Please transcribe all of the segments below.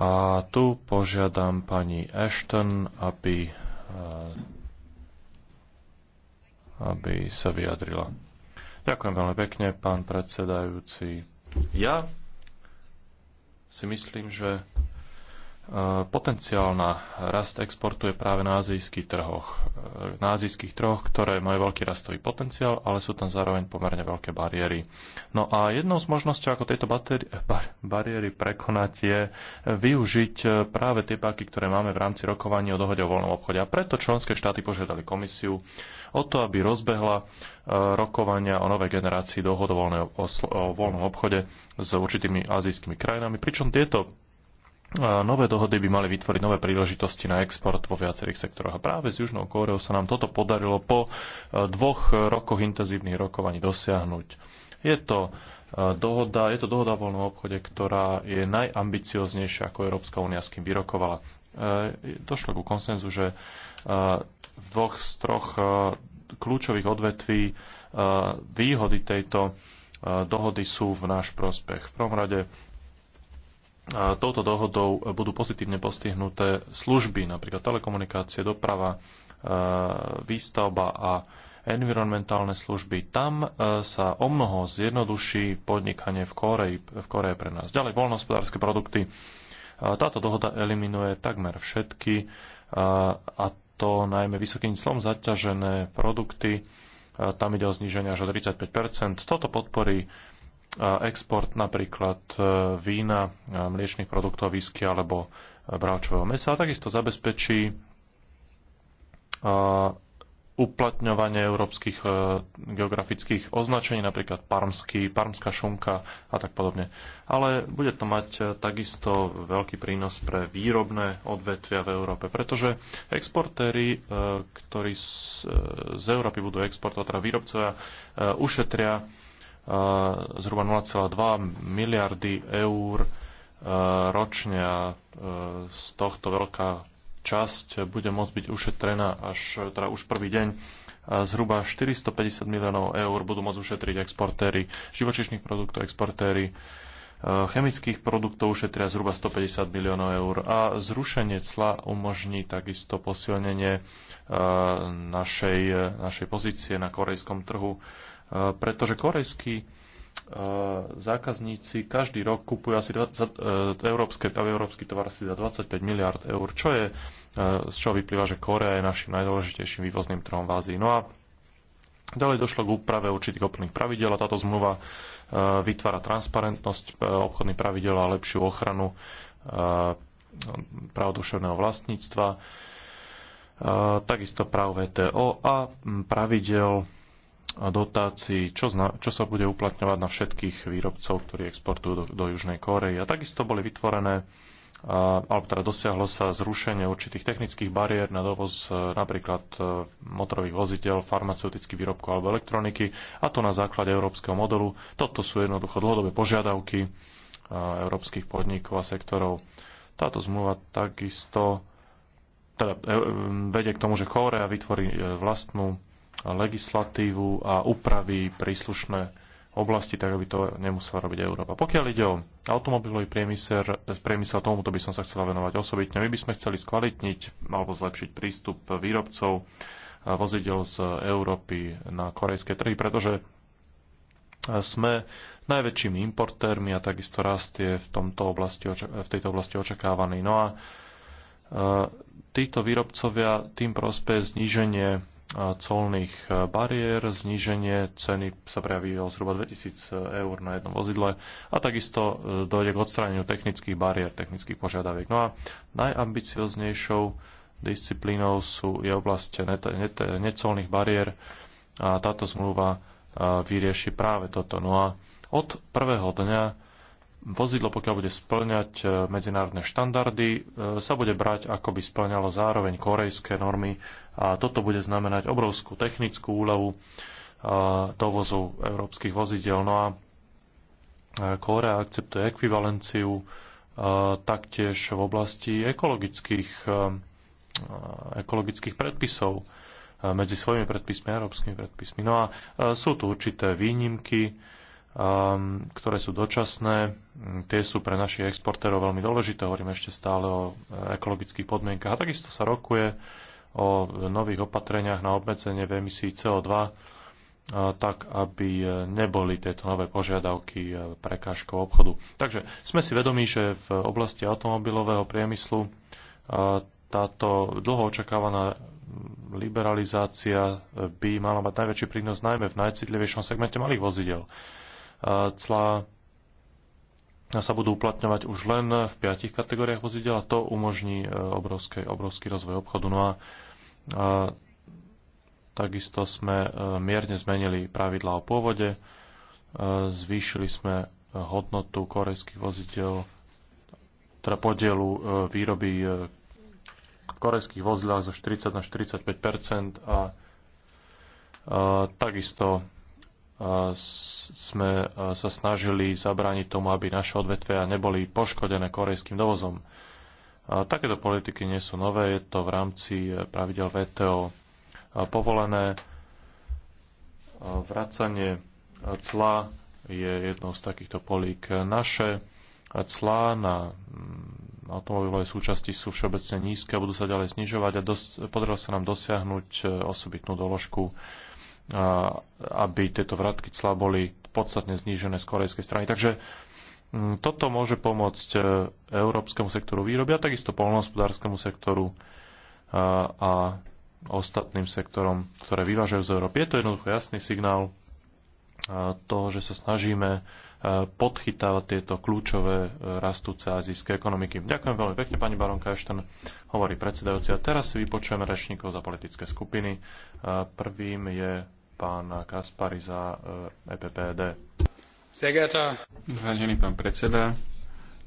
A tu požiadam pani Ashton, aby, eh, aby sa vyjadrila. Ďakujem veľmi pekne, pán predsedajúci. Ja si myslím, že Eh, potenciál na rast exportu je práve na azijských trhoch. Eh, na azijských trhoch, ktoré majú veľký rastový potenciál, ale sú tam zároveň pomerne veľké bariéry. No a jednou z možností, ako tejto batéri- eh, bar- bariéry prekonať, je využiť práve tie páky, ktoré máme v rámci rokovania o dohode o voľnom obchode. A preto členské štáty požiadali komisiu o to, aby rozbehla rokovania o novej generácii dohod o voľnom obchode s určitými azijskými krajinami, pričom tieto nové dohody by mali vytvoriť nové príležitosti na export vo viacerých sektoroch. A práve s Južnou Kóreou sa nám toto podarilo po e, dvoch rokoch intenzívnych rokovaní dosiahnuť. Je to e, dohoda, je to dohoda o voľnom obchode, ktorá je najambicioznejšia, ako Európska únia s kým vyrokovala. E, došlo ku konsenzu, že v dvoch z troch kľúčových odvetví výhody tejto dohody sú v náš prospech. V prvom rade touto dohodou budú pozitívne postihnuté služby, napríklad telekomunikácie, doprava, e, výstavba a environmentálne služby. Tam e, sa o mnoho zjednoduší podnikanie v Koreji, v Koreji pre nás. Ďalej, voľnohospodárske produkty. E, táto dohoda eliminuje takmer všetky a to najmä vysokým slom zaťažené produkty. Tam ide o zníženie až o 35 Toto podporí export napríklad e, vína, e, mliečných produktov, výsky alebo e, bráčového mesa a takisto zabezpečí uplatňovanie európskych geografických označení, napríklad parmský, parmská šunka a tak podobne. Ale bude to mať takisto veľký prínos pre výrobné odvetvia v Európe, pretože exportéry, ktorí z, Európy budú exportovať, teda výrobcovia, ušetria zhruba 0,2 miliardy eur e, ročne a e, z tohto veľká časť bude môcť byť ušetrená až teda už prvý deň. Zhruba 450 miliónov eur budú môcť ušetriť exportéry živočišných produktov, exportéry e, chemických produktov ušetria zhruba 150 miliónov eur a zrušenie cla umožní takisto posilnenie našej, našej pozície na korejskom trhu Eh, pretože korejskí eh, zákazníci každý rok kupujú asi eh, európske, európsky tovar asi za 25 miliard eur, čo je, z čoho vyplýva, že Korea je našim najdôležitejším vývozným trhom v Ázii. No a Ďalej došlo k úprave určitých obchodných pravidel a táto zmluva vytvára transparentnosť obchodných pravidel a lepšiu ochranu práv vlastníctva, takisto práv VTO a hm, pravidel dotácií, čo, zna, čo sa bude uplatňovať na všetkých výrobcov, ktorí exportujú do, do Južnej Kórey. A takisto boli vytvorené, a, alebo teda dosiahlo sa zrušenie určitých technických bariér na dovoz e, napríklad e, motorových vozidel, farmaceutických výrobkov alebo elektroniky, a to na základe európskeho modelu. Toto sú jednoducho dlhodobé požiadavky e, európskych podnikov a sektorov. Táto zmluva takisto teda, vedie k tomu, že Kórea vytvorí vlastnú legislatívu a upraví príslušné oblasti, tak aby to nemusela robiť Európa. Pokiaľ ide o automobilový priemysel, priemysel tomuto by som sa chcela venovať osobitne. My by sme chceli skvalitniť alebo zlepšiť prístup výrobcov vozidel z Európy na korejské trhy, pretože sme najväčšími importérmi a takisto rast je v, tomto oblasti, v tejto oblasti očakávaný. No a e, títo výrobcovia tým prospeje zníženie colných e, bariér, zníženie ceny sa prejaví o zhruba 2000 e, eur na jednom vozidle a takisto e, dojde k odstráneniu technických bariér, technických požiadaviek. No a najambicioznejšou disciplínou sú, je oblasť necolných bariér a táto zmluva vyrieši práve toto. No a od prvého dňa vozidlo, pokiaľ bude splňať e, medzinárodné štandardy, e, sa bude brať, ako by splňalo zároveň korejské normy a toto bude znamenať obrovskú technickú úľavu e, dovozu európskych vozidel. No a Kórea akceptuje ekvivalenciu taktiež v oblasti ekologických, ekologických predpisov medzi svojimi predpismi a európskymi predpismi. No a sú tu určité výnimky, Um, ktoré sú dočasné. Mm, tie sú pre našich exportérov veľmi dôležité. Hovoríme ešte stále o eh, ekologických podmienkach. A takisto sa rokuje o nových opatreniach na obmedzenie v emisí CO2, eh, tak aby eh, neboli tieto nové požiadavky prekážkou obchodu. Takže sme si vedomí, že v oblasti automobilového priemyslu táto dlho očakávaná liberalizácia by mala mať najväčší prínos najmä v najcitlivejšom segmente malých vozidel clá sa budú uplatňovať už len v piatich kategóriách vozidel a to umožní e, obrovský, obrovský rozvoj obchodu. No a, a takisto sme e, mierne zmenili pravidlá o pôvode, e, zvýšili sme hodnotu korejských vozidel, teda podielu výroby v korejských vozidlách zo 40 na 45 a, a takisto sme sa snažili zabrániť tomu, aby naše odvetvia neboli poškodené korejským dovozom. Takéto politiky nie sú nové, je to v rámci e, pravidel VTO povolené. Vracanie cla je jednou z takýchto polík. Naše clá na mm, automobilové súčasti sú všeobecne nízke a budú sa ďalej znižovať a dos- podarilo sa nám dosiahnuť e, osobitnú doložku aby tieto vratky cla boli podstatne znížené z korejskej strany. Takže mm, toto môže pomôcť e, európskemu sektoru výroby a takisto polnohospodárskému sektoru a, e, a ostatným sektorom, ktoré vyvážajú z Európy. Je to jednoducho jasný signál e, toho, že sa snažíme podchytávať tieto kľúčové rastúce azijské ekonomiky. Ďakujem veľmi pekne, pani baronka Ešten, hovorí predsedajúci. A teraz si vypočujeme rečníkov za politické skupiny. Prvým je pána Kaspari za EPPD. Eh, e Vážený pán predseda,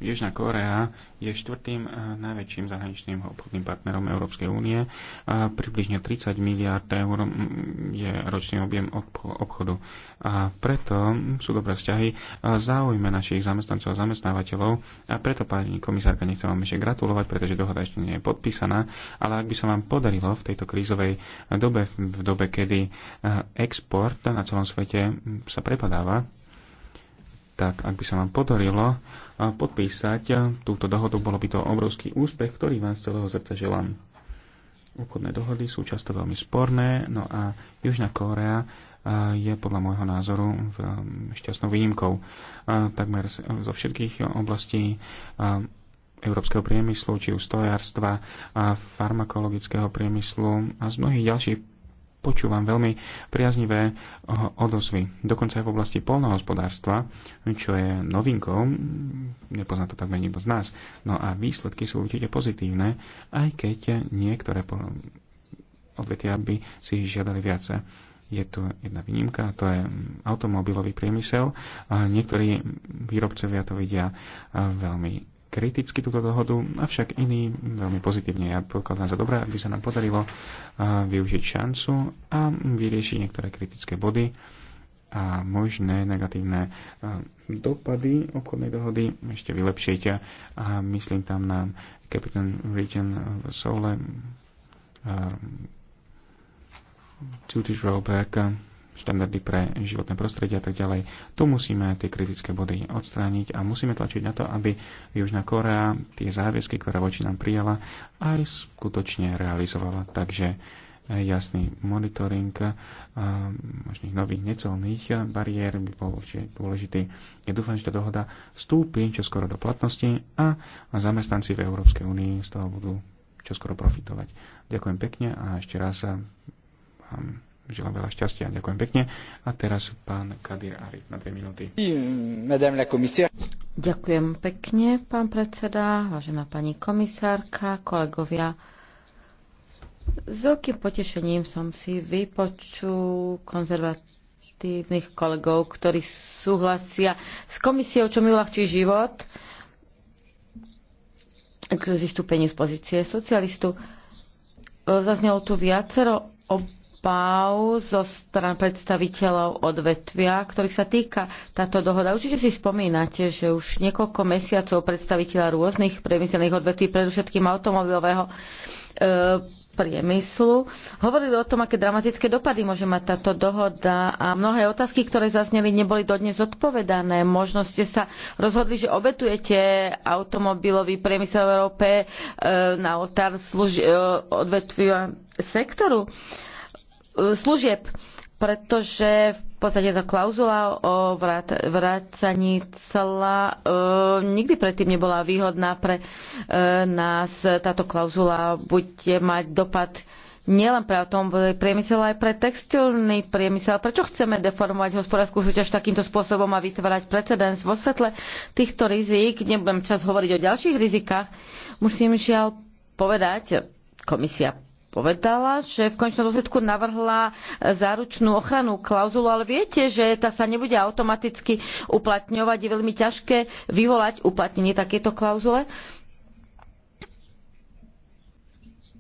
Južná Korea je štvrtým eh, najväčším zahraničným obchodným partnerom Európskej únie. A približne 30 miliard eur mm, je ročný objem obchodu. A preto sú dobré vzťahy záujme našich zamestnancov a zamestnávateľov. A preto, pani komisárka, nechcem vám ešte gratulovať, pretože dohoda ešte nie je podpísaná. Ale ak by sa vám podarilo v tejto krízovej dobe, v dobe, kedy eh, export na celom svete sa prepadáva, tak ak by sa vám podarilo podpísať túto dohodu, bolo by to obrovský úspech, ktorý vám z celého srdca želám. Obchodné dohody sú často veľmi sporné, no a Južná Kórea je podľa môjho názoru šťastnou výnimkou. Takmer zo všetkých oblastí európskeho priemyslu, či už stojárstva, farmakologického priemyslu a z mnohých ďalších počúvam veľmi priaznivé eh, odozvy, dokonca aj v oblasti polnohospodárstva, čo je novinkou, nepozná to takmer nikto z nás. No a výsledky sú určite pozitívne, aj keď niektoré odvetia by si žiadali viacej je tu jedna výnimka, to je automobilový priemysel. Niektorí výrobcovia to vidia eh, veľmi kriticky túto dohodu, avšak iní veľmi pozitívne. Ja pokladám za dobré, aby sa nám podarilo využiť šancu a vyriešiť niektoré kritické body a možné negatívne dopady obchodnej dohody ešte vylepšiť. A myslím tam na Captain Region v Soule, Tutti Drawback, štandardy pre životné prostredie a tak ďalej. Tu musíme tie kritické body odstrániť a musíme tlačiť na to, aby Južná Korea tie záväzky, ktoré voči nám prijala, aj skutočne realizovala. Takže eh, jasný monitoring eh, možných nových necelných eh, bariér by bol určite dôležitý. Ja dúfam, že tá dohoda vstúpi čoskoro do platnosti a zamestnanci v Európskej únii z toho budú čoskoro profitovať. Ďakujem pekne a ešte raz vám želám veľa šťastia. Ďakujem pekne. A teraz pán Kadir Arif na dve minúty. Ďakujem pekne, pán predseda, vážená pani komisárka, kolegovia. S veľkým potešením som si vypočul konzervatívnych kolegov, ktorí súhlasia s komisiou, čo mi uľahčí život k vystúpeniu z pozície socialistu. Zaznelo tu viacero ob- správ zo stran predstaviteľov odvetvia, ktorých sa týka táto dohoda. Určite si spomínate, že už niekoľko mesiacov predstaviteľa rôznych priemyselných odvetví, predovšetkým automobilového e, priemyslu, hovorili o tom, aké dramatické dopady môže mať táto dohoda a mnohé otázky, ktoré zazneli, neboli dodnes odpovedané. Možno ste sa rozhodli, že obetujete automobilový priemysel v Európe e, na otár služ- e, odvetvia sektoru. E, služieb, pretože v podstate tá klauzula o vrát, vrácaní cla e, nikdy predtým nebola výhodná pre e, nás. Táto klauzula bude mať dopad nielen pre tom priemysel, ale aj pre textilný priemysel. Prečo chceme deformovať hospodárskú súťaž takýmto spôsobom a vytvárať precedens vo svetle týchto rizík? Nebudem čas hovoriť o ďalších rizikách. Musím žiaľ povedať, komisia povedala, že v končnom dôsledku navrhla e, záručnú ochranu klauzulu, ale viete, že tá sa nebude automaticky uplatňovať. Je veľmi ťažké vyvolať uplatnenie takéto klauzule.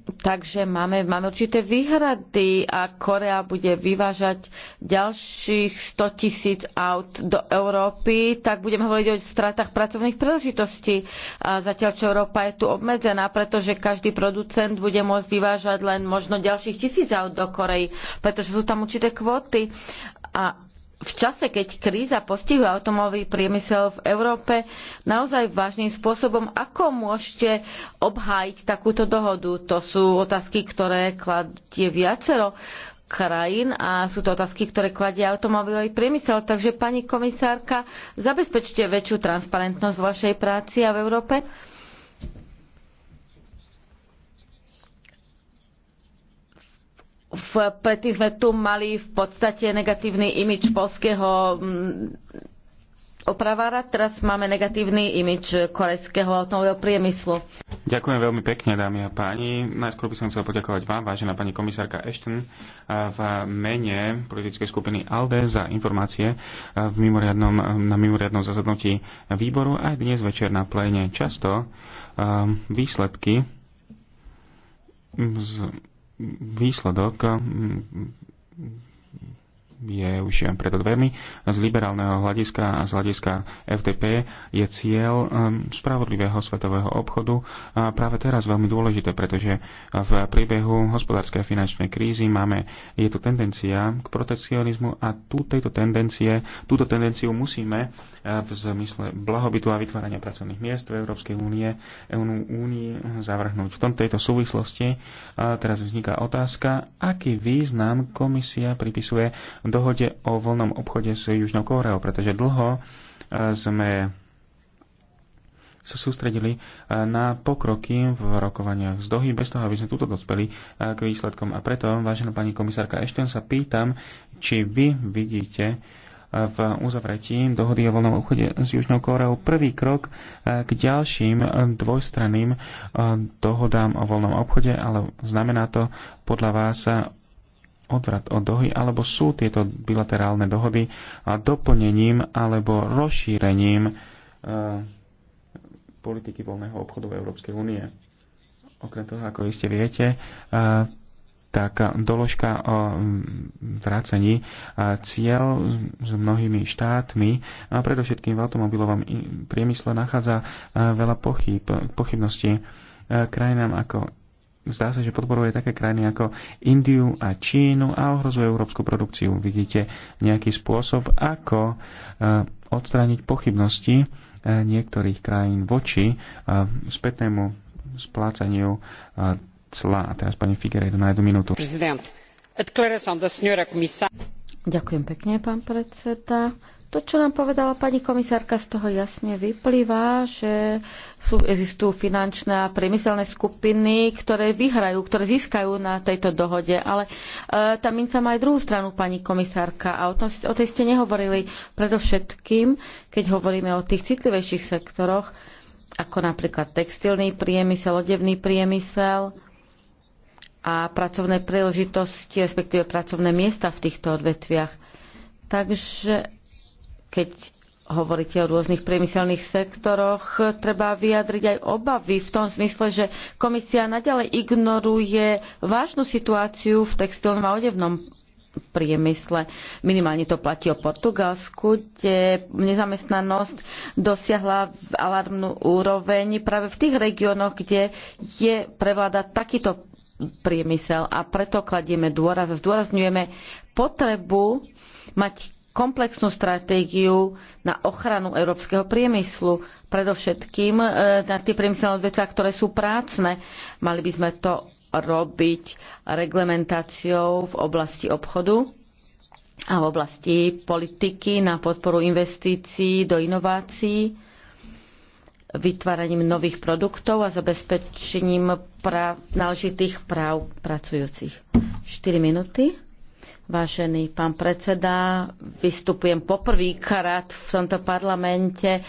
Takže máme, máme určité výhrady a Korea bude vyvážať ďalších 100 tisíc aut do Európy, tak budeme hovoriť o stratách pracovných príležitostí. A zatiaľ, čo Európa je tu obmedzená, pretože každý producent bude môcť vyvážať len možno ďalších tisíc aut do Korei, pretože sú tam určité kvóty. A v čase, keď kríza postihuje automobilový priemysel v Európe naozaj vážnym spôsobom, ako môžete obhájiť takúto dohodu? To sú otázky, ktoré kladie viacero krajín a sú to otázky, ktoré kladie automobilový priemysel. Takže, pani komisárka, zabezpečte väčšiu transparentnosť v vašej práci a v Európe? v, predtým sme tu mali v podstate negatívny imič polského mm, opravára, teraz máme negatívny imič korejského automobilového priemyslu. Ďakujem veľmi pekne, dámy a páni. Najskôr by som chcel poďakovať vám, vážená pani komisárka Ashton, v mene politickej skupiny ALDE za informácie v mimoriadnom, na mimoriadnom zasadnutí výboru aj dnes večer na pléne. Často ehm, výsledky z výsledok je už pred dvermi. Z liberálneho hľadiska a z hľadiska FDP je cieľ um, spravodlivého svetového obchodu a práve teraz veľmi dôležité, pretože v priebehu hospodárskej a finančnej krízy máme, je to tendencia k protekcionizmu a tú, tejto tendencie, túto tendenciu musíme uh, v zmysle blahobytu a vytvárania pracovných miest v Európskej únie, únii zavrhnúť. V tom tejto súvislosti uh, teraz vzniká otázka, aký význam komisia pripisuje dohode o voľnom obchode s Južnou Kóreou, pretože dlho e, sme sa sústredili e, na pokroky v rokovaniach z Dohy, bez toho, aby sme tuto dospeli e, k výsledkom. A preto, vážená pani komisárka Ešten, sa pýtam, či vy vidíte v uzavretí dohody o voľnom obchode s Južnou Kóreou prvý krok k ďalším dvojstranným dohodám o voľnom obchode, ale znamená to podľa vás odvrat od dohy, alebo sú tieto bilaterálne dohody a doplnením alebo rozšírením e, politiky voľného obchodu v Európskej únie. Okrem toho, ako iste viete, e, tak doložka o mm, vracení eh, cieľ s mnohými štátmi a predovšetkým v automobilovom priemysle nachádza veľa pochyb, pochybností krajinám ako zdá sa, že podporuje také krajiny ako Indiu a Čínu a ohrozuje európsku produkciu. Vidíte nejaký spôsob, ako eh, odstrániť pochybnosti eh, niektorých krajín voči eh, spätnému splácaniu cla. A teraz pani Figueiredo na jednu minútu. Ďakujem pekne, pán predseda. To, čo nám povedala pani komisárka, z toho jasne vyplýva, že sú, existujú finančné a priemyselné skupiny, ktoré vyhrajú, ktoré získajú na tejto dohode. Ale e, tá minca má aj druhú stranu, pani komisárka, a o, tom, o tej ste nehovorili predovšetkým, keď hovoríme o tých citlivejších sektoroch, ako napríklad textilný priemysel, odevný priemysel a pracovné príležitosti, respektíve pracovné miesta v týchto odvetviach. Takže keď hovoríte o rôznych priemyselných sektoroch, treba vyjadriť aj obavy v tom zmysle, že komisia nadalej ignoruje vážnu situáciu v textilnom a odevnom priemysle. Minimálne to platí o Portugalsku, kde nezamestnanosť dosiahla alarmnú úroveň práve v tých regiónoch, kde je prevláda takýto priemysel a preto kladieme dôraz a zdôrazňujeme potrebu mať komplexnú stratégiu na ochranu európskeho priemyslu, predovšetkým e, na tie priemyselné odvetvia, ktoré sú prácne. Mali by sme to robiť reglementáciou v oblasti obchodu a v oblasti politiky na podporu investícií do inovácií, vytváraním nových produktov a zabezpečením práv, náležitých práv pracujúcich. 4 minúty. Vážený pán predseda, vystupujem poprvýkrát v tomto parlamente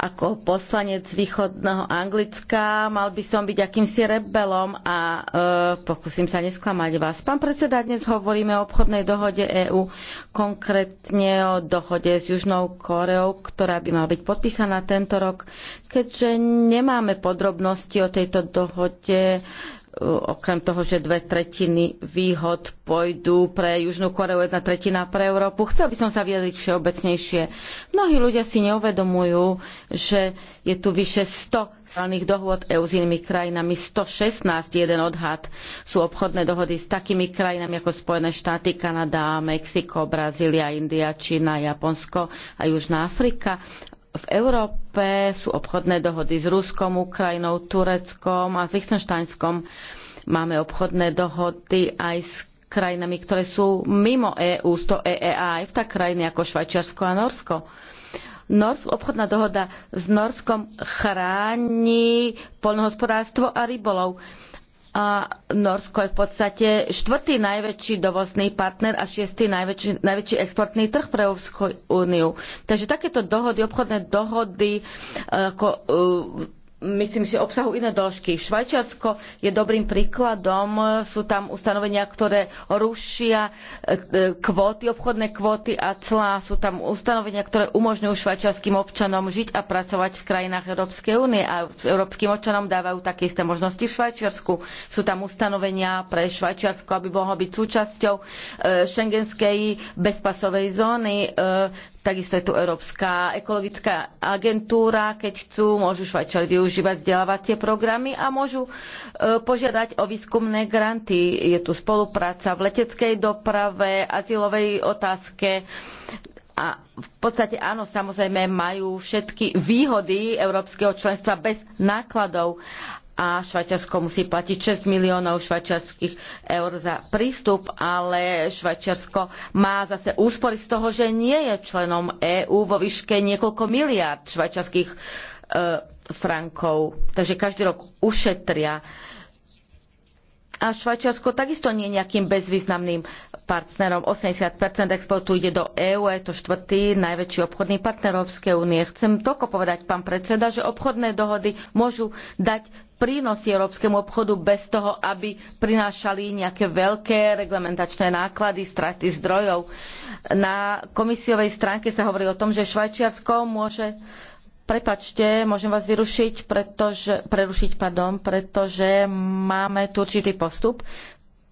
ako poslanec východného Anglicka. Mal by som byť akýmsi rebelom a e, pokúsim sa nesklamať vás. Pán predseda, dnes hovoríme o obchodnej dohode EÚ, konkrétne o dohode s Južnou Koreou, ktorá by mala byť podpísaná tento rok. Keďže nemáme podrobnosti o tejto dohode, okrem toho, že dve tretiny výhod pôjdu pre Južnú Koreu, jedna tretina pre Európu. Chcel by som sa vyjadriť všeobecnejšie. Mnohí ľudia si neuvedomujú, že je tu vyše 100 sociálnych dohôd EU s inými krajinami, 116, jeden odhad, sú obchodné dohody s takými krajinami ako Spojené štáty, Kanada, Mexiko, Brazília, India, Čína, Japonsko a Južná Afrika v Európe sú obchodné dohody s Ruskom, Ukrajinou, Tureckom a Lichtenštajnskom. Máme obchodné dohody aj s krajinami, ktoré sú mimo EÚ, z to EEA, aj v tak krajiny ako Švajčiarsko a Norsko. Norsk, obchodná dohoda s Norskom chráni poľnohospodárstvo a rybolov a Norsko je v podstate štvrtý najväčší dovozný partner a šiestý najväčší, najväčší exportný trh pre Európsku úniu. Takže takéto dohody, obchodné dohody, ako, eh, eh, myslím si, obsahu iné dĺžky. Švajčiarsko je dobrým príkladom. Sú tam ustanovenia, ktoré rušia e, kvóty, obchodné kvóty a clá. Sú tam ustanovenia, ktoré umožňujú švajčiarským občanom žiť a pracovať v krajinách Európskej únie a európskym občanom dávajú také isté možnosti v Švajčiarsku. Sú tam ustanovenia pre Švajčiarsko, aby mohlo byť súčasťou e, šengenskej bezpasovej zóny. E, Takisto je tu Európska ekologická agentúra, keď chcú, môžu Švajčari využívať vzdelávacie programy a môžu e, požiadať o výskumné granty. Je tu spolupráca v leteckej doprave, azylovej otázke, a v podstate áno, samozrejme majú všetky výhody európskeho členstva bez nákladov, a Švajčiarsko musí platiť 6 miliónov švajčiarských eur za prístup, ale Švajčiarsko má zase úspory z toho, že nie je členom EÚ vo výške niekoľko miliárd švajčiarských e, frankov. Takže každý rok ušetria. A Švajčiarsko takisto nie je nejakým bezvýznamným partnerom. 80 exportu ide do EÚ, je to štvrtý najväčší obchodný partner Európskej únie. Chcem toľko povedať, pán predseda, že obchodné dohody môžu dať prínosy európskemu obchodu bez toho, aby prinášali nejaké veľké reglementačné náklady, straty zdrojov. Na komisiovej stránke sa hovorí o tom, že Švajčiarsko môže Prepačte, môžem vás vyrušiť, pretože, prerušiť, pardon, pretože máme tu určitý postup.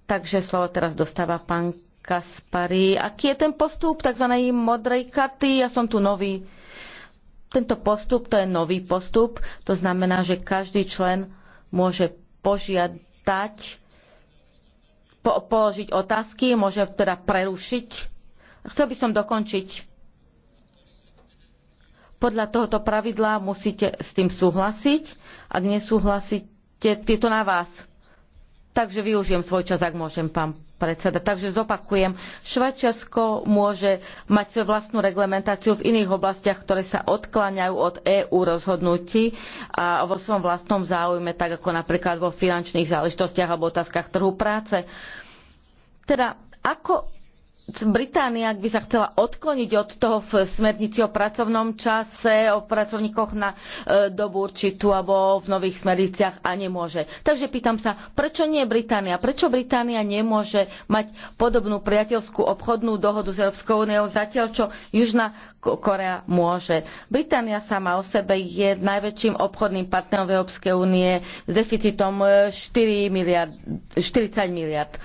Takže slovo teraz dostáva pán Kaspari. Aký je ten postup tzv. modrej karty? Ja som tu nový. Tento postup, to je nový postup, to znamená, že každý člen môže požiadať, po, položiť otázky, môže teda prerušiť. Chcel by som dokončiť. Podľa tohoto pravidla musíte s tým súhlasiť. Ak nesúhlasíte, je to na vás. Takže využijem svoj čas, ak môžem, pán predseda. Takže zopakujem, Švajčiarsko môže mať svoju vlastnú reglementáciu v iných oblastiach, ktoré sa odkláňajú od EÚ rozhodnutí a vo svojom vlastnom záujme, tak ako napríklad vo finančných záležitostiach alebo otázkach trhu práce. Teda ako Británia, ak by sa chcela odkloniť od toho v smernici o pracovnom čase, o pracovníkoch na e, dobu určitú alebo v nových smerniciach a nemôže. Takže pýtam sa, prečo nie Británia? Prečo Británia nemôže mať podobnú priateľskú obchodnú dohodu s Európskou úniou, zatiaľ čo Južná Korea môže? Británia sama o sebe je najväčším obchodným partnerom Európskej únie s deficitom 4 e, miliard, 40 miliard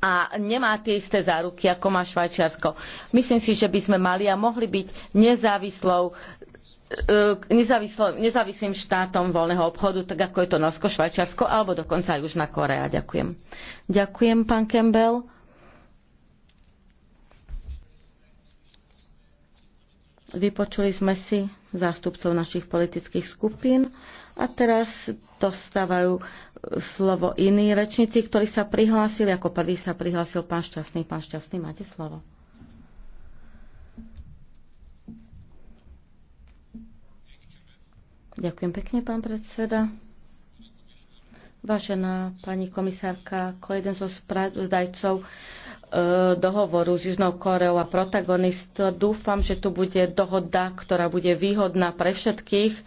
a nemá tie isté záruky, ako má Švajčiarsko. Myslím si, že by sme mali a mohli byť nezávislou e, nezávislým štátom voľného obchodu, tak ako je to Norsko, Švajčiarsko alebo dokonca aj Južná Korea. Ďakujem. Ďakujem, pán Campbell. Vypočuli sme si zástupcov našich politických skupín. A teraz dostávajú slovo iní rečníci, ktorí sa prihlásili. Ako prvý sa prihlásil pán Šťastný. Pán Šťastný, máte slovo. Ďakujem pekne, pán predseda. Vážená pani komisárka, ako jeden zo spravodajcov, e, dohovoru s Južnou Koreou a protagonist. Dúfam, že tu bude dohoda, ktorá bude výhodná pre všetkých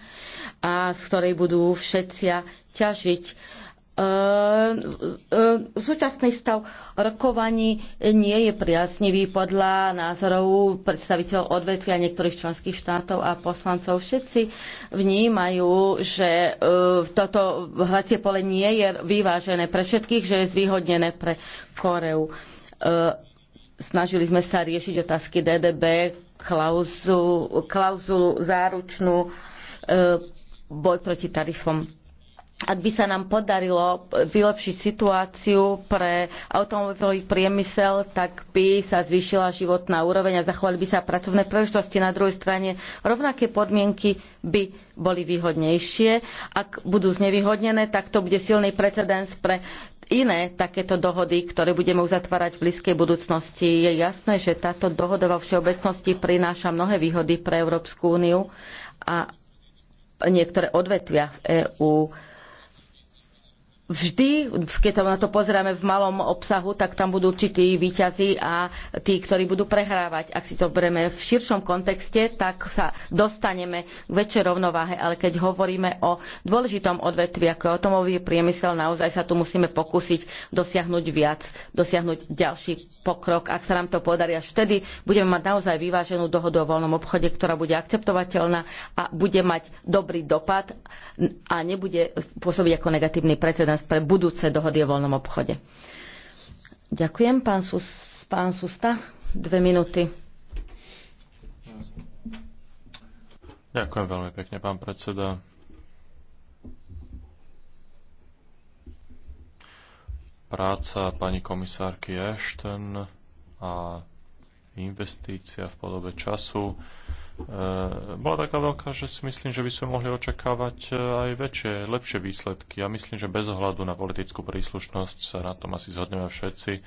a z ktorej budú všetci ťažiť. E, e, súčasný stav rokovaní nie je priaznivý podľa názorov predstaviteľov odvetvia niektorých členských štátov a poslancov. Všetci vnímajú, že e, toto hracie pole nie je vyvážené pre všetkých, že je zvýhodnené pre Koreu. Snažili sme sa riešiť otázky DDB, klauzulu, klauzulu záručnú boj proti tarifom. Ak by sa nám podarilo vylepšiť situáciu pre automobilový priemysel, tak by sa zvýšila životná úroveň a zachovali by sa pracovné príležitosti. Na druhej strane rovnaké podmienky by boli výhodnejšie. Ak budú znevýhodnené, tak to bude silný precedens pre iné takéto dohody, ktoré budeme uzatvárať v blízkej budúcnosti. Je jasné, že táto dohoda vo všeobecnosti prináša mnohé výhody pre Európsku úniu a niektoré odvetvia v EÚ vždy, keď to na to pozeráme v malom obsahu, tak tam budú určití výťazí a tí, ktorí budú prehrávať. Ak si to bereme v širšom kontexte, tak sa dostaneme k väčšej rovnováhe, ale keď hovoríme o dôležitom odvetvi ako je automový priemysel, naozaj sa tu musíme pokúsiť dosiahnuť viac, dosiahnuť ďalší pokrok, ak sa nám to podarí. Až vtedy budeme mať naozaj vyváženú dohodu o voľnom obchode, ktorá bude akceptovateľná a bude mať dobrý dopad a nebude pôsobiť ako negatívny precedens pre budúce dohody o voľnom obchode. Ďakujem, pán, Sus, pán Susta. Dve minúty. Ďakujem veľmi pekne, pán predseda. práca pani komisárky Ashton a investícia v podobe času e, bola taká veľká, že si myslím, že by sme mohli očakávať e, aj väčšie, lepšie výsledky. Ja myslím, že bez ohľadu na politickú príslušnosť sa na tom asi zhodneme všetci.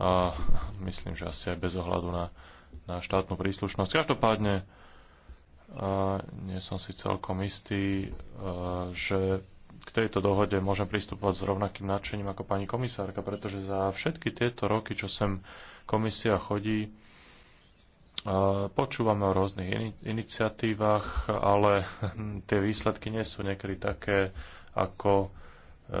A myslím, že asi aj bez ohľadu na, na štátnu príslušnosť. Každopádne, a nie som si celkom istý, e, že k tejto dohode môžem pristupovať s rovnakým nadšením ako pani komisárka, pretože za všetky tieto roky, čo sem komisia chodí, e, počúvame o rôznych iniciatívach, ale tie výsledky nie sú niekedy také, ako e,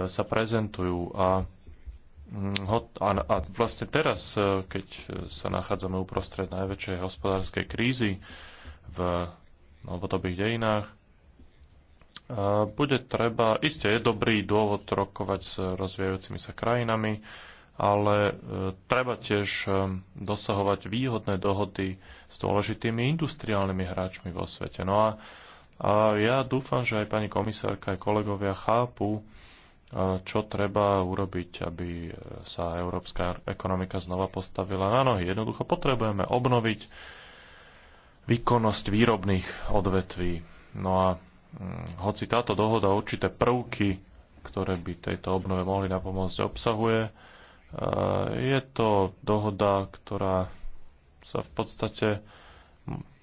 sa prezentujú. Mm, a, a vlastne teraz, e, keď sa nachádzame uprostred najväčšej hospodárskej krízy v novodobých dejinách, bude treba, iste je dobrý dôvod rokovať s rozvíjajúcimi sa krajinami, ale e, treba tiež e, dosahovať výhodné dohody s dôležitými industriálnymi hráčmi vo svete. No a, a ja dúfam, že aj pani komisárka, aj kolegovia chápu, e, čo treba urobiť, aby sa európska ekonomika znova postavila na nohy. Jednoducho potrebujeme obnoviť výkonnosť výrobných odvetví. No a Mm, hoci táto dohoda určité prvky, ktoré by tejto obnove mohli napomôcť, obsahuje, eh, je to dohoda, ktorá sa v podstate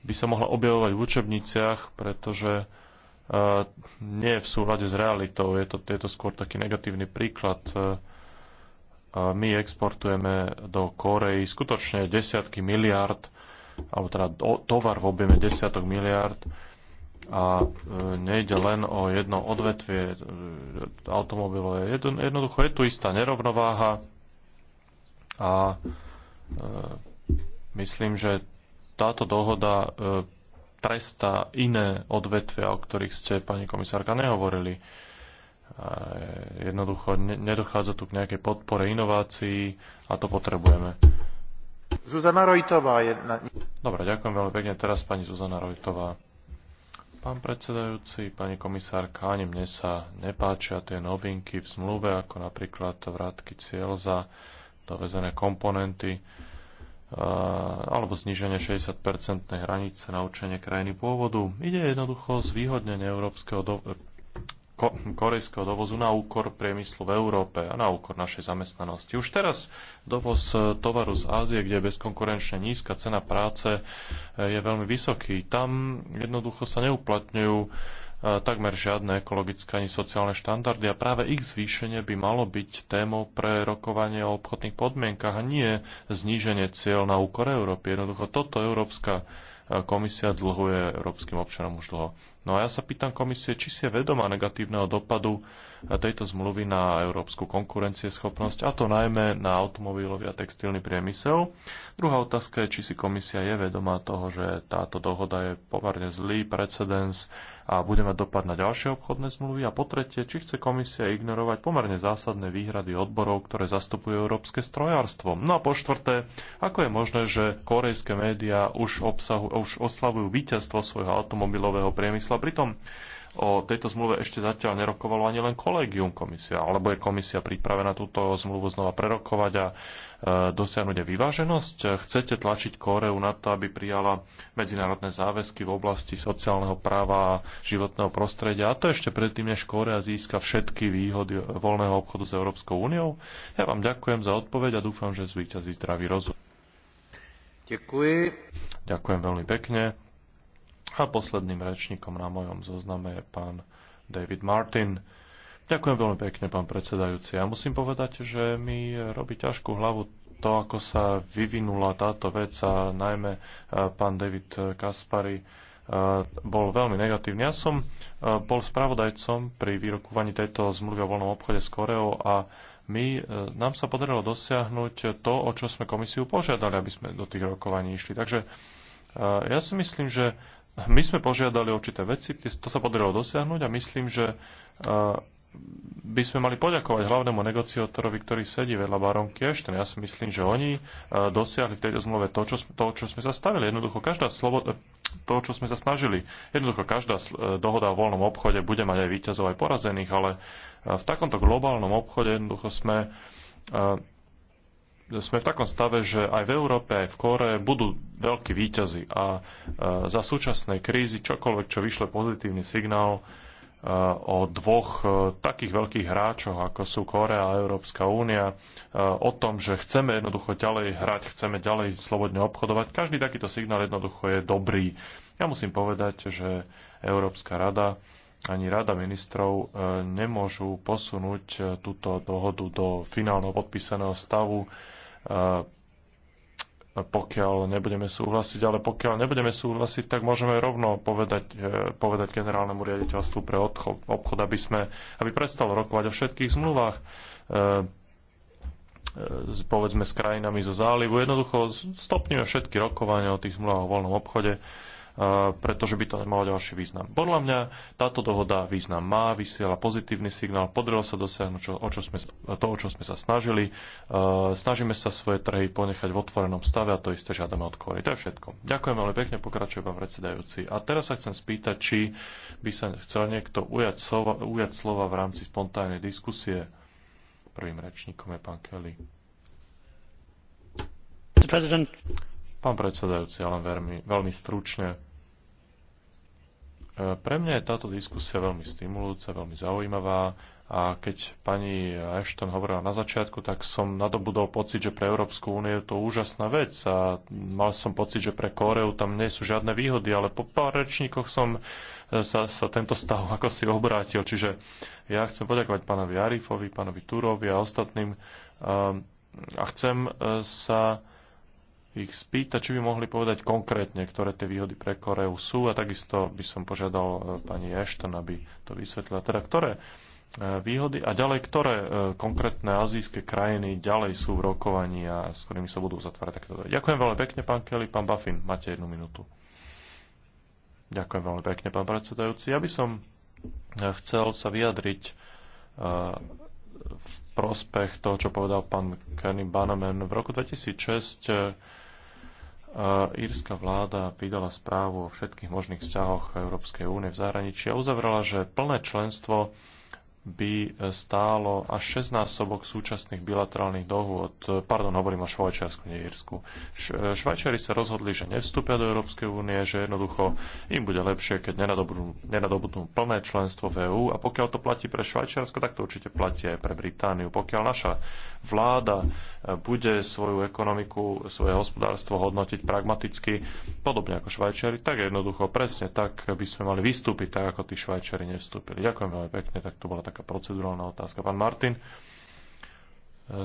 by sa mohla objavovať v učebniciach, pretože eh, nie je v súlade s realitou. Je to, je to skôr taký negatívny príklad. Eh, my exportujeme do Korei skutočne desiatky miliard, alebo teda tovar v objeme desiatok miliard a e, nejde len o jedno odvetvie e, automobilové. Jedno, jednoducho je tu istá nerovnováha a e, myslím, že táto dohoda e, trestá iné odvetvia, o ktorých ste, pani komisárka, nehovorili. E, jednoducho ne, nedochádza tu k nejakej podpore inovácií a to potrebujeme. Zuzana Rojtová je na... Dobre, ďakujem veľmi pekne. Teraz pani Zuzana Rojtová. Pán predsedajúci, pani komisárka, ani mne sa nepáčia tie novinky v zmluve, ako napríklad vrátky cieľ za dovezené komponenty alebo zníženie 60-percentnej hranice na určenie krajiny pôvodu. Ide jednoducho zvýhodnenie európskeho korejského dovozu na úkor priemyslu v Európe a na úkor našej zamestnanosti. Už teraz dovoz tovaru z Ázie, kde je bezkonkurenčne nízka cena práce, je veľmi vysoký. Tam jednoducho sa neuplatňujú e, takmer žiadne ekologické ani sociálne štandardy a práve ich zvýšenie by malo byť témou pre rokovanie o obchodných podmienkach a nie zníženie cieľ na úkor Európy. Jednoducho toto Európska komisia dlhuje európskym občanom už dlho. No a ja sa pýtam komisie, či si je vedomá negatívneho dopadu tejto zmluvy na európsku konkurencieschopnosť, a to najmä na automobilový a textilný priemysel. Druhá otázka je, či si komisia je vedomá toho, že táto dohoda je pomerne zlý precedens a bude mať dopad na ďalšie obchodné zmluvy a po tretie, či chce komisia ignorovať pomerne zásadné výhrady odborov, ktoré zastupujú európske strojárstvo. No a po štvrté, ako je možné, že korejské médiá už, obsahu, už oslavujú víťazstvo svojho automobilového priemysla, pritom O tejto zmluve ešte zatiaľ nerokovalo ani len kolegium komisia, alebo je komisia pripravená túto zmluvu znova prerokovať a e, dosiahnuť aj vyváženosť? Chcete tlačiť Kóreu na to, aby prijala medzinárodné záväzky v oblasti sociálneho práva a životného prostredia? A to ešte predtým, než Kórea získa všetky výhody voľného obchodu s Európskou úniou? Ja vám ďakujem za odpoveď a dúfam, že zvíťazí zdravý rozum. Ďakujem. Ďakujem veľmi pekne. A posledným rečníkom na mojom zozname je pán David Martin. Ďakujem veľmi pekne, pán predsedajúci. Ja musím povedať, že mi robí ťažkú hlavu to, ako sa vyvinula táto vec a najmä e, pán David Kaspari e, bol veľmi negatívny. Ja som e, bol spravodajcom pri vyrokovaní tejto zmluvy o voľnom obchode s Koreou a my, nám sa podarilo dosiahnuť to, o čo sme komisiu požiadali, aby sme do tých rokovaní išli. Takže ja si myslím, že my sme požiadali určité veci, to sa podarilo dosiahnuť a myslím, že eh, by sme mali poďakovať hlavnému negociátorovi, ktorý sedí vedľa baronky Ešten. Ja si myslím, že oni eh, dosiahli v tejto zmluve to, čo, to, čo sme sa stavili. Jednoducho každá slovo. Eh, to, čo sme sa snažili. Jednoducho každá dohoda o voľnom obchode bude mať aj výťazov, aj porazených, ale v takomto globálnom obchode jednoducho sme sme v takom stave, že aj v Európe, aj v Kóre budú veľkí výťazi a e, za súčasnej krízy čokoľvek, čo vyšle pozitívny signál e, o dvoch e, takých veľkých hráčoch, ako sú Korea a Európska únia, o tom, že chceme jednoducho ďalej hrať, chceme ďalej slobodne obchodovať. Každý takýto signál jednoducho je dobrý. Ja musím povedať, že Európska rada ani Rada ministrov e, nemôžu posunúť e, túto dohodu do finálneho podpísaného stavu, e, pokiaľ nebudeme súhlasiť. Ale pokiaľ nebudeme súhlasiť, tak môžeme rovno povedať, povedať generálnemu riaditeľstvu pre obchod, aby, sme, aby prestalo rokovať o všetkých zmluvách povedzme s krajinami zo zálivu. Jednoducho stopníme všetky rokovania o tých zmluvách o voľnom obchode Eh, pretože by to nemalo ďalší význam. Podľa mňa táto dohoda význam má, vysiela pozitívny signál, podarilo sa dosiahnuť čo, o čo sme, to, o čo sme sa snažili. Eh, snažíme sa svoje trhy ponechať v otvorenom stave a to isté žiadame od Kory. To je všetko. Ďakujem veľmi pekne, pokračuje pán predsedajúci. A teraz sa chcem spýtať, či by sa chcel niekto ujať slova, ujať slova v rámci spontánnej diskusie. Prvým rečníkom je pán Kelly. Mr. President, Pán predsedajúci, ale veľmi, veľmi stručne. E, pre mňa je táto diskusia veľmi stimulujúca, veľmi zaujímavá a keď pani Ashton hovorila na začiatku, tak som nadobudol pocit, že pre Európsku úniu je to úžasná vec a mal som pocit, že pre Kóreu tam nie sú žiadne výhody, ale po pár rečníkoch som e, sa, sa tento stav ako si obrátil. Čiže ja chcem poďakovať pánovi Arifovi, pánovi Turovi a ostatným e, a chcem sa ich spýtať, či by mohli povedať konkrétne, ktoré tie výhody pre Koreu sú a takisto by som požiadal e, pani Ashton, aby to vysvetlila. Teda ktoré e, výhody a ďalej, ktoré e, konkrétne azijské krajiny ďalej sú v rokovaní a s ktorými sa budú zatvárať takéto. Ďakujem veľmi pekne, pán Kelly, pán Buffin, máte jednu minútu. Ďakujem veľmi pekne, pán predsedajúci. Ja by som chcel sa vyjadriť v prospech toho, čo povedal pán Kenny Bannerman. V roku 2006 írska vláda vydala správu o všetkých možných vzťahoch Európskej únie v zahraničí a uzavrela, že plné členstvo by e, stálo až 16 násobok súčasných bilaterálnych dohôd. E, pardon, hovorím o Švajčiarsku, nie Írsku. E, Švajčiari sa rozhodli, že nevstúpia do Európskej únie, že jednoducho im bude lepšie, keď nenadobudnú, plné členstvo v EÚ. A pokiaľ to platí pre Švajčiarsko, tak to určite platí aj pre Britániu. Pokiaľ naša vláda bude svoju ekonomiku, svoje hospodárstvo hodnotiť pragmaticky, podobne ako Švajčiari, tak jednoducho presne tak by sme mali vystúpiť, tak ako tí Švajčiari nevstúpili. Ďakujem veľmi pekne, tak to bola taká procedurálna otázka. Pán Martin, e,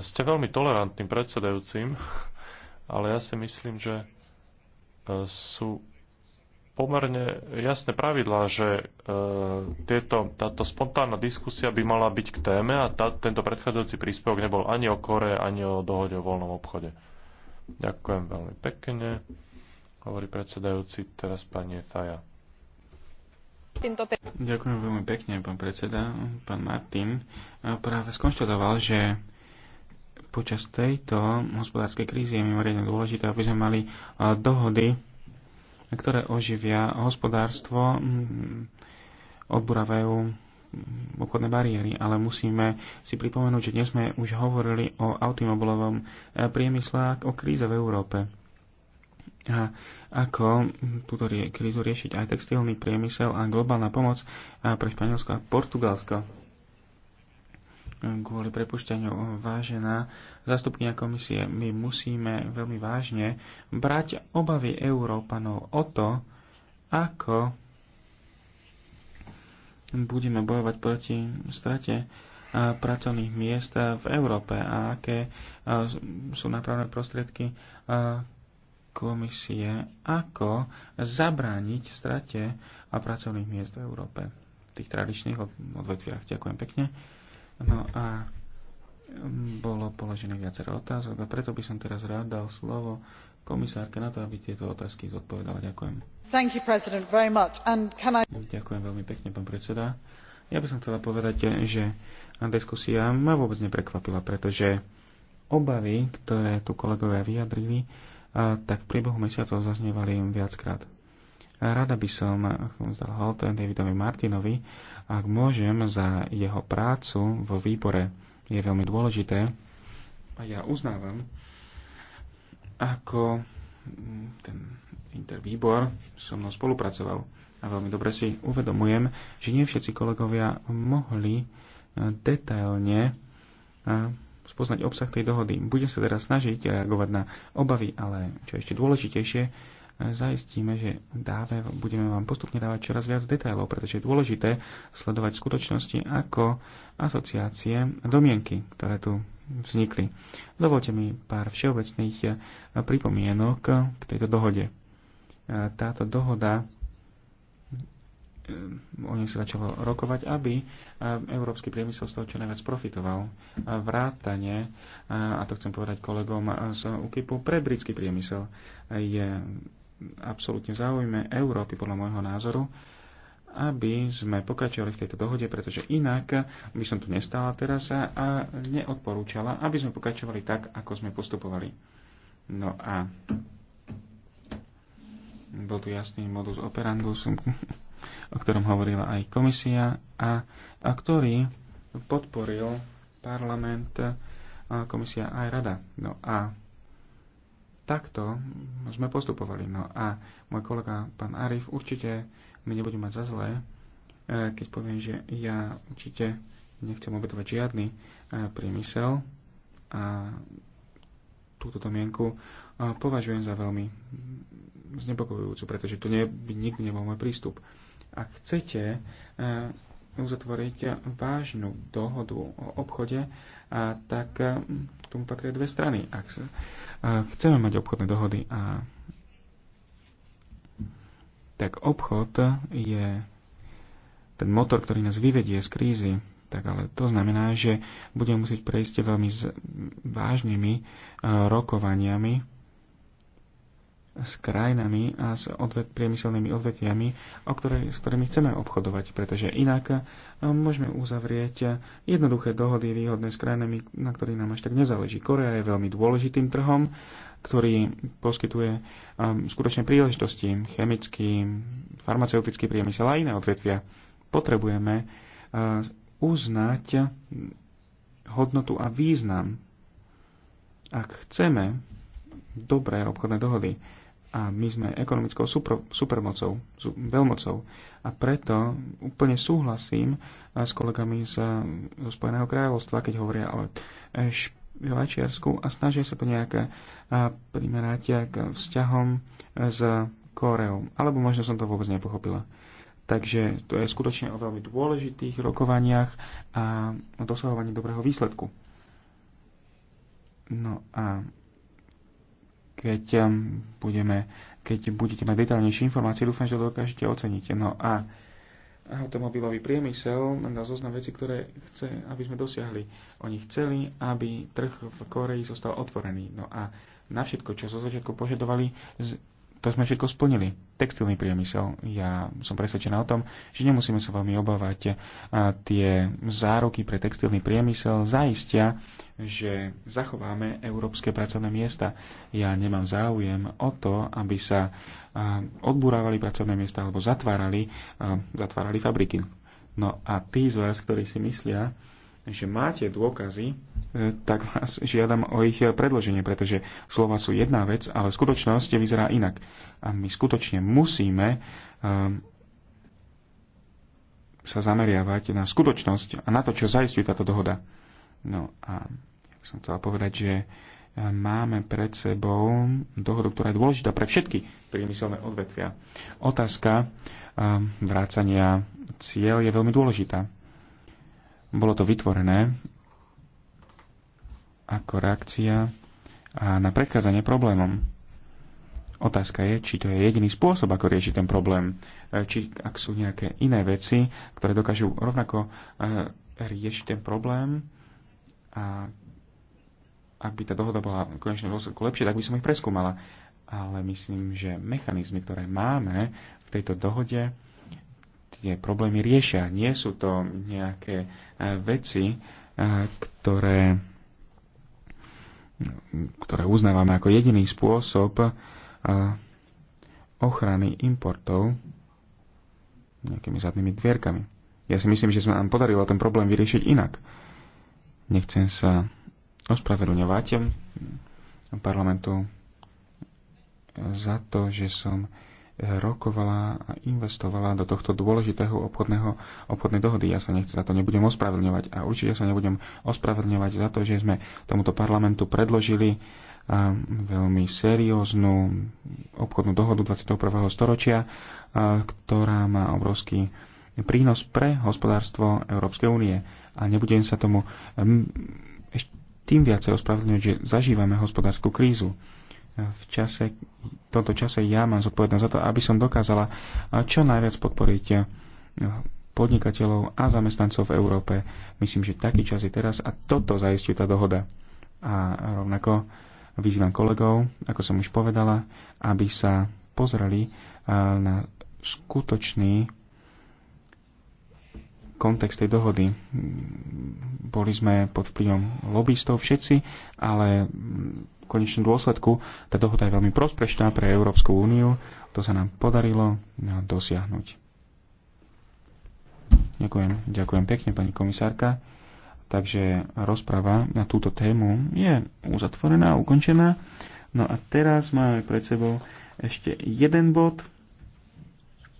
ste veľmi tolerantným predsedajúcim, ale ja si myslím, že e, sú pomerne jasné pravidlá, že e, tieto, táto spontánna diskusia by mala byť k téme a tá, tento predchádzajúci príspevok nebol ani o Kore, ani o dohode o voľnom obchode. Ďakujem veľmi pekne, hovorí predsedajúci teraz pani Thaja. Ďakujem veľmi pekne, pán predseda. Pán Martin eh, práve skonštatoval, že počas tejto hospodárskej krízy je mimoriadne dôležité, aby sme mali eh, dohody, ktoré oživia hospodárstvo, mm, odburávajú mm, obchodné bariéry, ale musíme si pripomenúť, že dnes sme už hovorili o automobilovom eh, priemysle a o kríze v Európe. A ako túto krízu riešiť aj textilný priemysel a globálna pomoc pre Španielsko a Portugalsko. Kvôli prepušťaniu vážená zastupkynia komisie, my musíme veľmi vážne brať obavy Európanov o to, ako budeme bojovať proti strate pracovných miest v Európe a aké sú napravné prostriedky komisie, ako zabrániť strate a pracovných miest v Európe v tých tradičných odvetviach. Ďakujem pekne. No a mm, bolo položené viacero otázok a preto by som teraz rád dal slovo komisárke na to, aby tieto otázky zodpovedala. Ďakujem. Thank you, President, very much. And can I... Ďakujem veľmi pekne, pán predseda. Ja by som chcela povedať, že diskusia ma vôbec neprekvapila, pretože obavy, ktoré tu kolegovia vyjadrili, tak v priebehu mesiacov zaznievali im viackrát. Rada by som vzdal hold Davidovi Martinovi, ak môžem, za jeho prácu vo výbore. Je veľmi dôležité a ja uznávam, ako ten intervýbor so mnou spolupracoval. A veľmi dobre si uvedomujem, že nie všetci kolegovia mohli eh, detailne eh, spoznať obsah tej dohody. Budem sa teraz snažiť reagovať na obavy, ale čo je ešte dôležitejšie, zaistíme, že dáve, budeme vám postupne dávať čoraz viac detailov, pretože je dôležité sledovať skutočnosti ako asociácie domienky, ktoré tu vznikli. Dovolte mi pár všeobecných pripomienok k tejto dohode. Táto dohoda o nich sa začalo rokovať, aby eh, európsky priemysel z toho čo najviac profitoval. Vrátane, eh, a to chcem povedať kolegom z UKIPu, pre britský priemysel je absolútne záujme Európy, podľa môjho názoru, aby sme pokračovali v tejto dohode, pretože inak by som tu nestála teraz a neodporúčala, aby sme pokračovali tak, ako sme postupovali. No a bol tu jasný modus operandus o ktorom hovorila aj komisia a, a ktorý podporil parlament, komisia aj rada. No a takto sme postupovali. No a môj kolega pán Arif určite mi nebude mať za zlé, e, keď poviem, že ja určite nechcem obetovať žiadny e, priemysel a túto domienku e, považujem za veľmi znepokojujúcu, pretože to ne, by nikdy nebol môj prístup. Ak chcete eh, uzatvoriť vážnu dohodu o obchode, tak eh, k tomu patria dve strany. Ak eh, chceme mať obchodné dohody a tak obchod je ten motor, ktorý nás vyvedie z krízy, tak ale to znamená, že budeme musieť prejsť veľmi vážnymi rokovaniami s krajinami a s odvet, priemyselnými odvetiami, o ktorej, s ktorými chceme obchodovať, pretože inak e, môžeme uzavrieť jednoduché dohody výhodné s krajinami, na ktorých nám až tak nezáleží. Korea je veľmi dôležitým trhom, ktorý poskytuje um, skutočne príležitosti chemický, farmaceutický priemysel a iné odvetvia. Potrebujeme uh, uznať hodnotu a význam, ak chceme dobré obchodné dohody a my sme ekonomickou super, supermocou, veľmocou. A preto úplne súhlasím eh, s kolegami z, zo Spojeného kráľovstva, keď hovoria o eh, Švajčiarsku a snažia sa to nejak eh, primerať k vzťahom s Koreou. Alebo možno som to vôbec nepochopila. Takže to je skutočne o veľmi dôležitých rokovaniach a dosahovaní dobrého výsledku. No a keď, um, budeme, keď budete mať detaľnejšie informácie, dúfam, že to dokážete oceniť. No a automobilový priemysel na zoznam veci, ktoré chce, aby sme dosiahli. Oni chceli, aby trh v Koreji zostal otvorený. No a na všetko, čo zo začiatku požadovali, to sme všetko splnili. Textilný priemysel. Ja som presvedčená o tom, že nemusíme sa veľmi obávať. A tie záruky pre textilný priemysel zaistia, že zachováme európske pracovné miesta. Ja nemám záujem o to, aby sa odburávali pracovné miesta alebo zatvárali, zatvárali fabriky. No a tí z vás, ktorí si myslia, že máte dôkazy, e, tak vás žiadam o ich predloženie, pretože slova sú jedna vec, ale skutočnosť vyzerá inak. A my skutočne musíme e, sa zameriavať na skutočnosť a na to, čo zaistuje táto dohoda. No a ja by som chcela povedať, že e, máme pred sebou dohodu, ktorá je dôležitá pre všetky priemyselné odvetvia. Otázka vrácania cieľ je veľmi dôležitá bolo to vytvorené ako reakcia a na predchádzanie problémom. Otázka je, či to je jediný spôsob, ako riešiť ten problém. E, či ak sú nejaké iné veci, ktoré dokážu rovnako e, riešiť ten problém a ak by tá dohoda bola konečne lepšia, tak by som ich preskúmala. Ale myslím, že mechanizmy, ktoré máme v tejto dohode, tie problémy riešia. Nie sú to nejaké e, veci, e, ktoré, ktoré uznávame ako jediný spôsob e, ochrany importov nejakými zadnými dvierkami. Ja si myslím, že sme nám podarilo ten problém vyriešiť inak. Nechcem sa ospravedlňovať parlamentu za to, že som rokovala a investovala do tohto dôležitého obchodného, obchodnej dohody. Ja sa nechcem za to nebudem ospravedlňovať a určite sa nebudem ospravedlňovať za to, že sme tomuto parlamentu predložili veľmi serióznu obchodnú dohodu 21. storočia, ktorá má obrovský prínos pre hospodárstvo Európskej únie. A nebudem sa tomu ešte tým viacej ospravedlňovať, že zažívame hospodárskú krízu v čase, v tomto čase ja mám zodpovednosť za to, aby som dokázala čo najviac podporiť eh, podnikateľov a zamestnancov v Európe. Myslím, že taký čas je teraz a toto zaistí tá dohoda. A rovnako vyzývam kolegov, ako som už povedala, aby sa pozreli eh, na skutočný kontext tej dohody. Boli sme pod vplyvom lobbystov všetci, ale v konečnom dôsledku tá dohoda je veľmi prospešná pre Európsku úniu. To sa nám podarilo dosiahnuť. Ďakujem, ďakujem pekne, pani komisárka. Takže rozprava na túto tému je uzatvorená, ukončená. No a teraz máme pred sebou ešte jeden bod,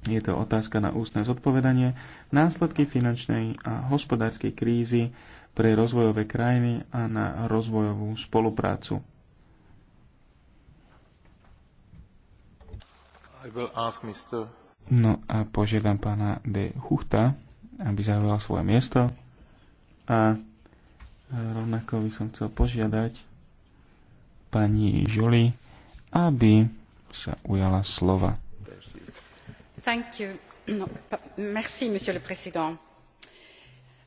je to otázka na ústne zodpovedanie následky finančnej a hospodárskej krízy pre rozvojové krajiny a na rozvojovú spoluprácu. No a požiadam pána de Huchta, aby zaujala svoje miesto. A rovnako by som chcel požiadať pani Žoli, aby sa ujala slova. No, monsieur le président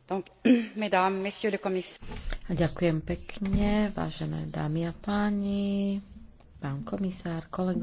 mesdames messieurs les commissaires ďakujem pekne vážené dámy a páni pán komisár kolegyne kolegovia.